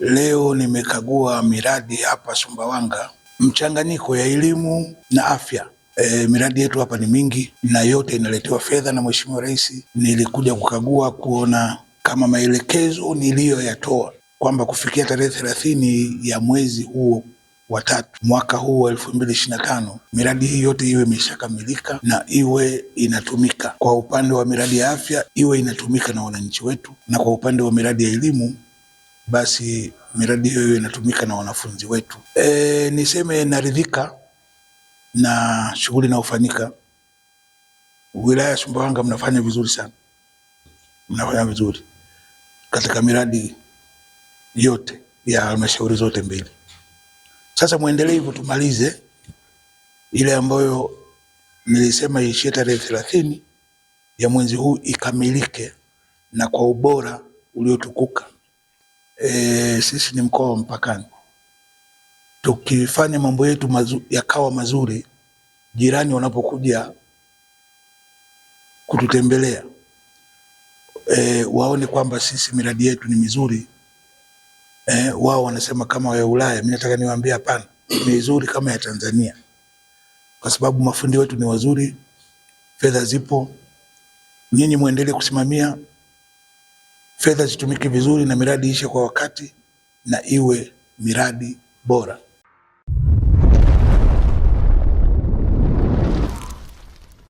Leo nimekagua miradi hapa Sumbawanga, mchanganyiko ya elimu na afya. E, miradi yetu hapa ni mingi na yote inaletewa fedha na Mheshimiwa Rais. Nilikuja kukagua kuona kama maelekezo niliyoyatoa kwamba kufikia tarehe thelathini ya mwezi huo wa tatu mwaka huu wa elfu mbili ishirini na tano miradi hii yote iwe imeshakamilika na iwe inatumika. Kwa upande wa miradi ya afya iwe inatumika na wananchi wetu, na kwa upande wa miradi ya elimu basi miradi hiyo inatumika na wanafunzi wetu. E, niseme naridhika na shughuli inayofanyika wilaya ya Sumbawanga. Mnafanya vizuri sana, mnafanya vizuri katika miradi yote ya halmashauri zote mbili. Sasa mwendelee hivyo, tumalize ile ambayo nilisema iishie tarehe thelathini ya mwezi huu ikamilike na kwa ubora uliotukuka e, sisi ni mkoa wa mpakani. Tukifanya mambo yetu mazu, yakawa mazuri, jirani wanapokuja kututembelea e, waone kwamba sisi miradi yetu ni mizuri e, wao wanasema kama ya Ulaya. Mimi nataka niwaambie hapana, ni mizuri kama ya Tanzania, kwa sababu mafundi wetu ni wazuri, fedha zipo, nyinyi muendelee kusimamia fedha zitumike vizuri na miradi ishe kwa wakati na iwe miradi bora.